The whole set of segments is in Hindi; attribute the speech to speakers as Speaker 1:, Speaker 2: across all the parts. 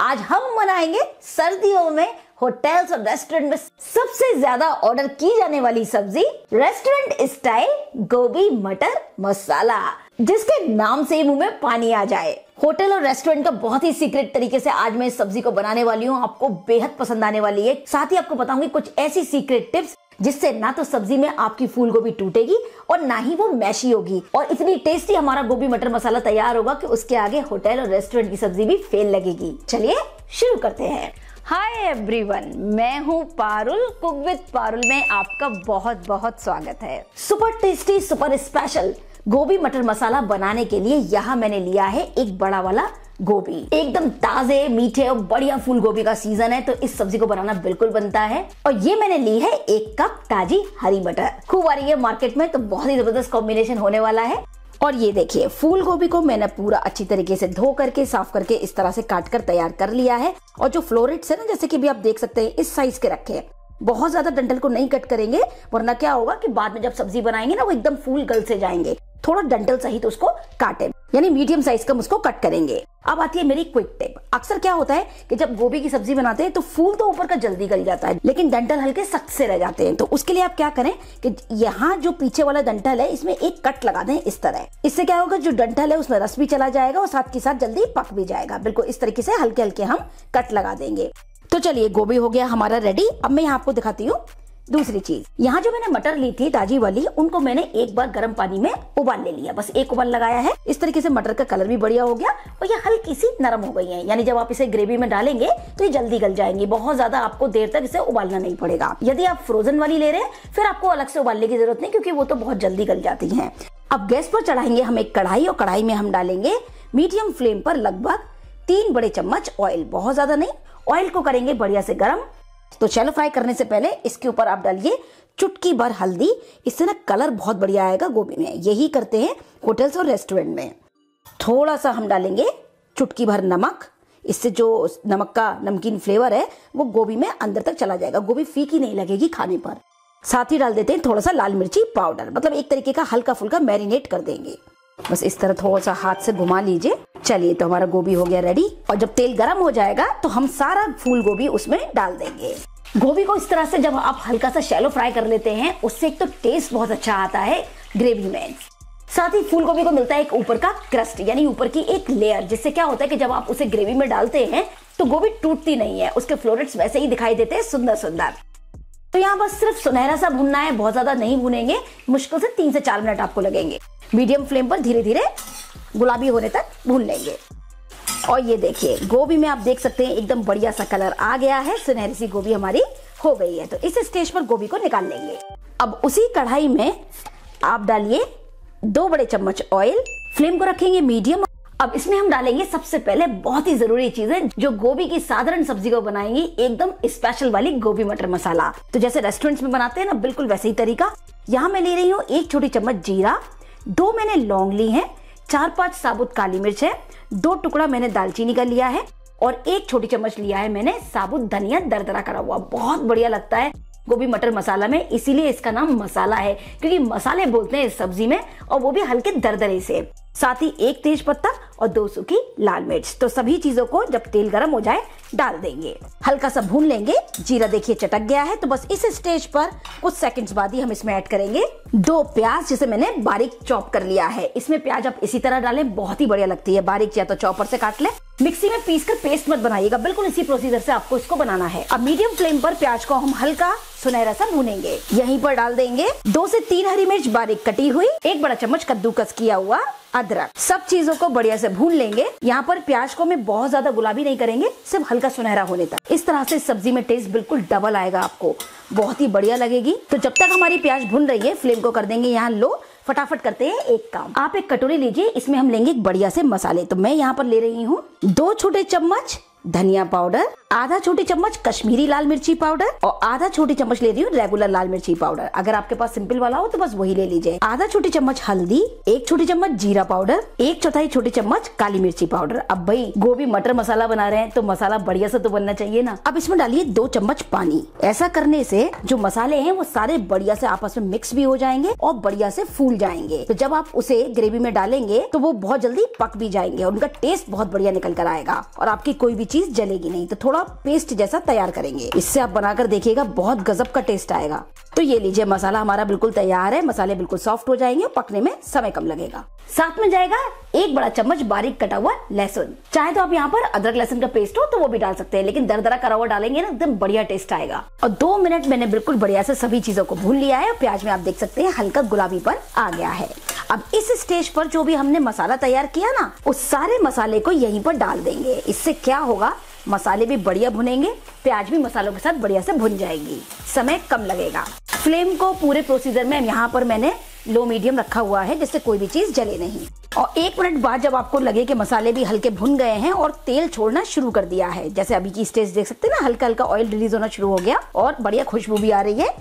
Speaker 1: आज हम मनाएंगे सर्दियों में होटल्स और रेस्टोरेंट में सबसे ज्यादा ऑर्डर की जाने वाली सब्जी रेस्टोरेंट स्टाइल गोभी मटर मसाला जिसके नाम से ही मुंह में पानी आ जाए होटल और रेस्टोरेंट का बहुत ही सीक्रेट तरीके से आज मैं इस सब्जी को बनाने वाली हूँ आपको बेहद पसंद आने वाली है साथ ही आपको बताऊंगी कुछ ऐसी सीक्रेट टिप्स जिससे ना तो सब्जी में आपकी फूल गोभी टूटेगी और ना ही वो मैशी होगी और इतनी टेस्टी हमारा गोभी मटर मसाला तैयार होगा कि उसके आगे होटल और रेस्टोरेंट की सब्जी भी फेल लगेगी चलिए शुरू करते हैं हाय एवरीवन मैं हूँ पारुल कुक विद पारुल में आपका बहुत बहुत स्वागत है सुपर टेस्टी सुपर स्पेशल गोभी मटर मसाला बनाने के लिए यहाँ मैंने लिया है एक बड़ा वाला गोभी एकदम ताजे मीठे और बढ़िया फूल गोभी का सीजन है तो इस सब्जी को बनाना बिल्कुल बनता है और ये मैंने ली है एक कप ताजी हरी मटर खूब आ रही है मार्केट में तो बहुत ही जबरदस्त कॉम्बिनेशन होने वाला है और ये देखिए फूल गोभी को मैंने पूरा अच्छी तरीके से धो करके साफ करके इस तरह से काट कर तैयार कर लिया है और जो फ्लोरिट्स है ना जैसे कि भी आप देख सकते हैं इस साइज के रखे हैं बहुत ज्यादा डंटल को नहीं कट करेंगे वरना क्या होगा कि बाद में जब सब्जी बनाएंगे ना वो एकदम फूल गल से जाएंगे थोड़ा डंटल सहित तो उसको काटे यानी मीडियम साइज का उसको कट करेंगे अब आती है मेरी क्विक टिप अक्सर क्या होता है कि जब गोभी की सब्जी बनाते हैं तो फूल तो ऊपर का जल्दी गल जाता है लेकिन डंटल हल्के सख्त से रह जाते हैं तो उसके लिए आप क्या करें कि यहाँ जो पीछे वाला डंटल है इसमें एक कट लगा दें इस तरह इससे क्या होगा जो डंटल है उसमें रस भी चला जाएगा और साथ के साथ जल्दी पक भी जाएगा बिल्कुल इस तरीके से हल्के हल्के हम कट लगा देंगे तो चलिए गोभी हो गया हमारा रेडी अब मैं यहाँ आपको दिखाती हूँ दूसरी चीज यहाँ जो मैंने मटर ली थी ताजी वाली उनको मैंने एक बार गर्म पानी में उबाल ले लिया बस एक उबाल लगाया है इस तरीके से मटर का कलर भी बढ़िया हो गया और ये हल्की सी नरम हो गई है यानी जब आप इसे ग्रेवी में डालेंगे तो ये जल्दी गल जाएंगे बहुत ज्यादा आपको देर तक इसे उबालना नहीं पड़ेगा यदि आप फ्रोजन वाली ले रहे हैं फिर आपको अलग से उबालने की जरूरत नहीं क्योंकि वो तो बहुत जल्दी गल जाती है अब गैस पर चढ़ाएंगे हम एक कढ़ाई और कढ़ाई में हम डालेंगे मीडियम फ्लेम पर लगभग तीन बड़े चम्मच ऑयल बहुत ज्यादा नहीं ऑयल को करेंगे बढ़िया से गर्म तो चैलो फ्राई करने से पहले इसके ऊपर आप डालिए चुटकी भर हल्दी इससे ना कलर बहुत बढ़िया आएगा गोभी में यही करते हैं होटल्स और रेस्टोरेंट में थोड़ा सा हम डालेंगे चुटकी भर नमक इससे जो नमक का नमकीन फ्लेवर है वो गोभी में अंदर तक चला जाएगा गोभी फीकी नहीं लगेगी खाने पर साथ ही डाल देते हैं थोड़ा सा लाल मिर्ची पाउडर मतलब एक तरीके का हल्का फुल्का मैरिनेट कर देंगे बस इस तरह थोड़ा सा हाथ से घुमा लीजिए चलिए तो हमारा गोभी हो गया रेडी और जब तेल गर्म हो जाएगा तो हम सारा फूल गोभी उसमें डाल देंगे गोभी को इस तरह से जब आप हल्का सा शैलो फ्राई कर लेते हैं उससे एक तो टेस्ट बहुत अच्छा आता है ग्रेवी में साथ ही फूल गोभी को मिलता है एक ऊपर का क्रस्ट यानी ऊपर की एक लेयर जिससे क्या होता है कि जब आप उसे ग्रेवी में डालते हैं तो गोभी टूटती नहीं है उसके फ्लोरेट्स वैसे ही दिखाई देते हैं सुंदर सुंदर तो यहाँ बस सिर्फ सुनहरा सा भुनना है बहुत ज्यादा नहीं भुनेंगे मुश्किल से तीन से चार मिनट आपको लगेंगे मीडियम फ्लेम पर धीरे धीरे गुलाबी होने तक भून लेंगे और ये देखिए गोभी में आप देख सकते हैं एकदम बढ़िया सा कलर आ गया है सुनहरी सी गोभी हमारी हो गई है तो इस स्टेज पर गोभी को निकाल लेंगे अब उसी कढ़ाई में आप डालिए दो बड़े चम्मच ऑयल फ्लेम को रखेंगे मीडियम अब इसमें हम डालेंगे सबसे पहले बहुत ही जरूरी चीज है जो गोभी की साधारण सब्जी को बनाएंगे एकदम स्पेशल वाली गोभी मटर मसाला तो जैसे रेस्टोरेंट्स में बनाते हैं ना बिल्कुल वैसे ही तरीका यहाँ मैं ले रही हूँ एक छोटी चम्मच जीरा दो मैंने लौंग ली है चार पांच साबुत काली मिर्च है दो टुकड़ा मैंने दालचीनी का लिया है और एक छोटी चम्मच लिया है मैंने साबुत धनिया दरदरा करा हुआ बहुत बढ़िया लगता है गोभी मटर मसाला में इसीलिए इसका नाम मसाला है क्योंकि मसाले बोलते हैं इस सब्जी में और वो भी हल्के दरदरे से साथ ही एक तेज पत्ता और दो सूखी लाल मिर्च तो सभी चीजों को जब तेल गर्म हो जाए डाल देंगे हल्का सा भून लेंगे जीरा देखिए चटक गया है तो बस इस स्टेज पर कुछ सेकंड्स बाद ही हम इसमें ऐड करेंगे दो प्याज जिसे मैंने बारीक चॉप कर लिया है इसमें प्याज आप इसी तरह डालें बहुत ही बढ़िया लगती है बारीक या तो चॉपर से काट ले मिक्सी में पीस कर पेस्ट मत बनाइएगा बिल्कुल इसी प्रोसीजर से आपको इसको बनाना है अब मीडियम फ्लेम पर प्याज को हम हल्का सुनहरा सा भूनेंगे यहीं पर डाल देंगे दो से तीन हरी मिर्च बारीक कटी हुई एक बड़ा चम्मच कद्दूकस किया हुआ अदरक सब चीजों को बढ़िया से भून लेंगे यहाँ पर प्याज को मैं बहुत ज्यादा गुलाबी नहीं करेंगे सिर्फ हल्का सुनहरा होने तक इस तरह से सब्जी में टेस्ट बिल्कुल डबल आएगा आपको बहुत ही बढ़िया लगेगी तो जब तक हमारी प्याज भून रही है फ्लेम को कर देंगे यहाँ लो फटाफट करते हैं एक काम आप एक कटोरी लीजिए इसमें हम लेंगे एक बढ़िया से मसाले तो मैं यहाँ पर ले रही हूँ दो छोटे चम्मच धनिया पाउडर आधा छोटी चम्मच कश्मीरी लाल मिर्ची पाउडर और आधा छोटी चम्मच ले रही हूँ रेगुलर लाल मिर्ची पाउडर अगर आपके पास सिंपल वाला हो तो बस वही ले लीजिए आधा छोटी चम्मच हल्दी एक छोटी चम्मच जीरा पाउडर एक चौथाई छोटी चम्मच काली मिर्ची पाउडर अब भाई गोभी मटर मसाला बना रहे हैं तो मसाला बढ़िया से तो बनना चाहिए ना अब इसमें डालिए दो चम्मच पानी ऐसा करने से जो मसाले हैं वो सारे बढ़िया से आपस में मिक्स भी हो जाएंगे और बढ़िया से फूल जाएंगे तो जब आप उसे ग्रेवी में डालेंगे तो वो बहुत जल्दी पक भी जाएंगे और उनका टेस्ट बहुत बढ़िया निकल कर आएगा और आपकी कोई भी चीज जलेगी नहीं तो थोड़ा हुआ पेस्ट जैसा तैयार करेंगे इससे आप बनाकर देखिएगा बहुत गजब का टेस्ट आएगा तो ये लीजिए मसाला हमारा बिल्कुल तैयार है मसाले बिल्कुल सॉफ्ट हो जाएंगे पकने में समय कम लगेगा साथ में जाएगा एक बड़ा चम्मच बारीक कटा हुआ लहसुन चाहे तो आप यहाँ पर अदरक लहसुन का पेस्ट हो तो वो भी डाल सकते हैं लेकिन दर दरा करा हुआ डालेंगे ना एकदम बढ़िया टेस्ट आएगा और दो मिनट मैंने बिल्कुल बढ़िया से सभी चीजों को भून लिया है और प्याज में आप देख सकते हैं हल्का गुलाबी पर आ गया है अब इस स्टेज पर जो भी हमने मसाला तैयार किया ना उस सारे मसाले को यहीं पर डाल देंगे इससे क्या होगा मसाले भी बढ़िया भुनेंगे प्याज भी मसालों के साथ बढ़िया से भुन जाएगी समय कम लगेगा फ्लेम को पूरे प्रोसीजर में यहाँ पर मैंने लो मीडियम रखा हुआ है जिससे कोई भी चीज़ जले नहीं और एक मिनट बाद जब आपको लगे कि मसाले भी हल्के भुन गए हैं और तेल छोड़ना शुरू कर दिया है जैसे अभी की स्टेज देख सकते हैं ना हल्का हल्का ऑयल रिलीज होना शुरू हो गया और बढ़िया खुशबू भी आ रही है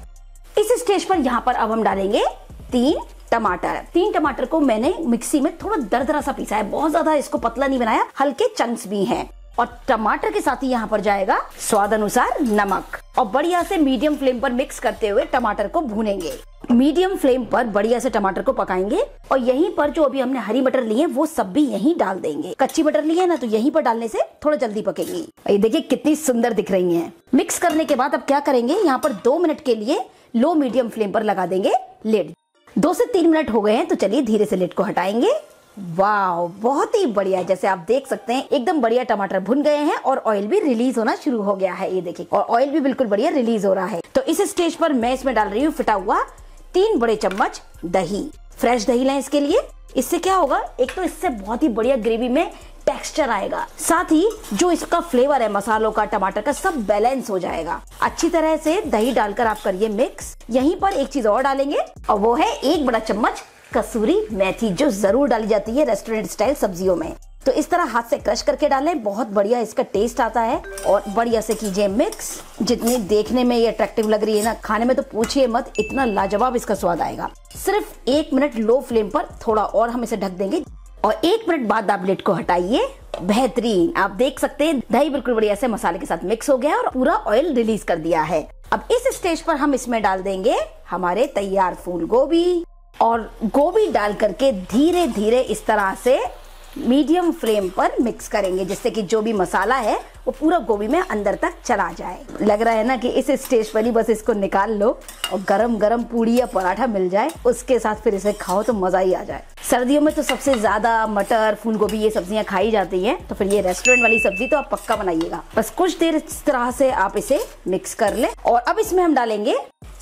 Speaker 1: इस स्टेज पर यहाँ पर अब हम डालेंगे तीन टमाटर तीन टमाटर को मैंने मिक्सी में थोड़ा दर दरा सा पीसा है बहुत ज्यादा इसको पतला नहीं बनाया हल्के चंक्स भी हैं और टमाटर के साथ ही यहाँ पर जाएगा स्वाद अनुसार नमक और बढ़िया से मीडियम फ्लेम पर मिक्स करते हुए टमाटर को भूनेंगे मीडियम फ्लेम पर बढ़िया से टमाटर को पकाएंगे और यहीं पर जो अभी हमने हरी मटर ली है वो सब भी यहीं डाल देंगे कच्ची मटर ली है ना तो यहीं पर डालने से थोड़ा जल्दी पकेगी ये देखिए कितनी सुंदर दिख रही है मिक्स करने के बाद अब क्या करेंगे यहाँ पर दो मिनट के लिए लो मीडियम फ्लेम पर लगा देंगे लेट दो से तीन मिनट हो गए हैं तो चलिए धीरे से लेट को हटाएंगे वाह बहुत ही बढ़िया जैसे आप देख सकते हैं एकदम बढ़िया टमाटर भुन गए हैं और ऑयल भी रिलीज होना शुरू हो गया है ये देखिए और ऑयल भी बिल्कुल बढ़िया रिलीज हो रहा है तो इस स्टेज पर मैं इसमें डाल रही हूँ फिटा हुआ तीन बड़े चम्मच दही फ्रेश दही लें इसके लिए इससे क्या होगा एक तो इससे बहुत ही बढ़िया ग्रेवी में टेक्सचर आएगा साथ ही जो इसका फ्लेवर है मसालों का टमाटर का सब बैलेंस हो जाएगा अच्छी तरह से दही डालकर आप करिए मिक्स यहीं पर एक चीज और डालेंगे और वो है एक बड़ा चम्मच कसूरी मेथी जो जरूर डाली जाती है रेस्टोरेंट स्टाइल सब्जियों में तो इस तरह हाथ से क्रश करके डालें बहुत बढ़िया इसका टेस्ट आता है और बढ़िया से कीजिए मिक्स जितनी देखने में ये अट्रैक्टिव लग रही है ना खाने में तो पूछिए मत इतना लाजवाब इसका स्वाद आएगा सिर्फ एक मिनट लो फ्लेम पर थोड़ा और हम इसे ढक देंगे और एक मिनट बाद आप लेट को हटाइए बेहतरीन आप देख सकते हैं दही बिल्कुल बढ़िया से मसाले के साथ मिक्स हो गया और पूरा ऑयल रिलीज कर दिया है अब इस स्टेज पर हम इसमें डाल देंगे हमारे तैयार फूल गोभी और गोभी डाल करके धीरे धीरे इस तरह से मीडियम फ्लेम पर मिक्स करेंगे जिससे कि जो भी मसाला है वो पूरा गोभी में अंदर तक चला जाए लग रहा है ना कि इस स्टेज पर ही बस इसको निकाल लो और गरम गरम पूड़ी या पराठा मिल जाए उसके साथ फिर इसे खाओ तो मज़ा ही आ जाए सर्दियों में तो सबसे ज़्यादा मटर फूल गोभी ये सब्जियाँ खाई जाती हैं तो फिर ये रेस्टोरेंट वाली सब्जी तो आप पक्का बनाइएगा बस कुछ देर इस तरह से आप इसे मिक्स कर ले और अब इसमें हम डालेंगे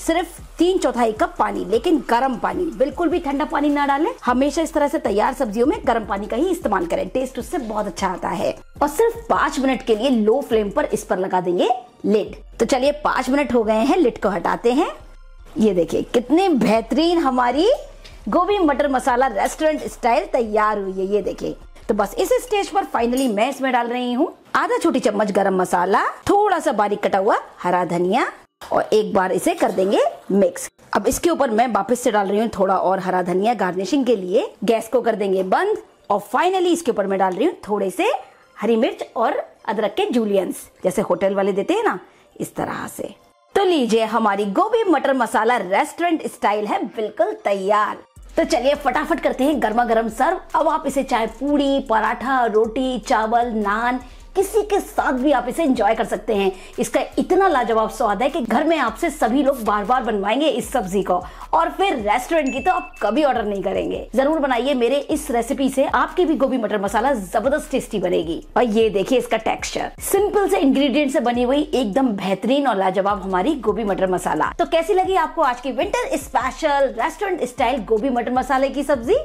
Speaker 1: सिर्फ तीन चौथाई कप पानी लेकिन गर्म पानी बिल्कुल भी ठंडा पानी ना डालें हमेशा इस तरह से तैयार सब्जियों में गर्म पानी का ही इस्तेमाल करें टेस्ट उससे बहुत अच्छा आता है और सिर्फ पांच मिनट के लिए लो फ्लेम पर इस पर लगा देंगे लिड तो चलिए पांच मिनट हो गए हैं लिड को हटाते हैं ये देखिए कितने बेहतरीन हमारी गोभी मटर मसाला रेस्टोरेंट स्टाइल तैयार हुई है ये देखिए तो बस इस स्टेज पर फाइनली मैं इसमें डाल रही हूँ आधा छोटी चम्मच गरम मसाला थोड़ा सा बारीक कटा हुआ हरा धनिया और एक बार इसे कर देंगे मिक्स अब इसके ऊपर मैं वापस से डाल रही हूँ थोड़ा और हरा धनिया गार्निशिंग के लिए गैस को कर देंगे बंद और फाइनली इसके ऊपर मैं डाल रही हूँ थोड़े से हरी मिर्च और अदरक के जूलियंस जैसे होटल वाले देते हैं ना इस तरह से तो लीजिए हमारी गोभी मटर मसाला रेस्टोरेंट स्टाइल है बिल्कुल तैयार तो चलिए फटाफट करते हैं गर्मा गर्म सर्व अब आप इसे चाहे पूड़ी पराठा रोटी चावल नान किसी के साथ भी आप इसे एंजॉय कर सकते हैं इसका इतना लाजवाब स्वाद है कि घर में आपसे सभी लोग बार बार बनवाएंगे इस सब्जी को और फिर रेस्टोरेंट की तो आप कभी ऑर्डर नहीं करेंगे जरूर बनाइए मेरे इस रेसिपी से आपकी भी गोभी मटर मसाला जबरदस्त टेस्टी बनेगी और ये देखिए इसका टेक्सचर सिंपल से इंग्रेडिएंट से बनी हुई एकदम बेहतरीन और लाजवाब हमारी गोभी मटर मसाला तो कैसी लगी आपको आज की विंटर स्पेशल रेस्टोरेंट स्टाइल गोभी मटर मसाले की सब्जी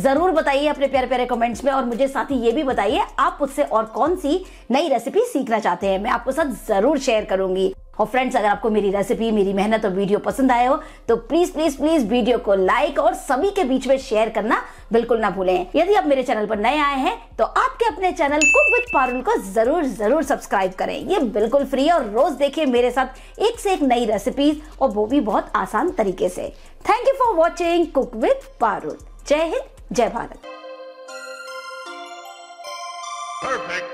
Speaker 1: जरूर बताइए अपने प्यारे प्यारे कमेंट्स में और मुझे साथ ही ये भी बताइए आप मुझसे और कौन सी नई रेसिपी सीखना चाहते हैं मैं आपको साथ जरूर शेयर करूंगी और फ्रेंड्स अगर आपको मेरी रेसिपी मेरी मेहनत और वीडियो पसंद आए हो तो प्लीज प्लीज प्लीज वीडियो को लाइक और सभी के बीच में शेयर करना बिल्कुल ना भूलें यदि आप मेरे चैनल पर नए आए हैं तो आपके अपने चैनल कुक विद पारुल को जरूर जरूर सब्सक्राइब करें ये बिल्कुल फ्री है और रोज देखिए मेरे साथ एक से एक नई रेसिपीज और वो भी बहुत आसान तरीके से thank you for watching cook with Parul जय हिंद जय भारत Perfect.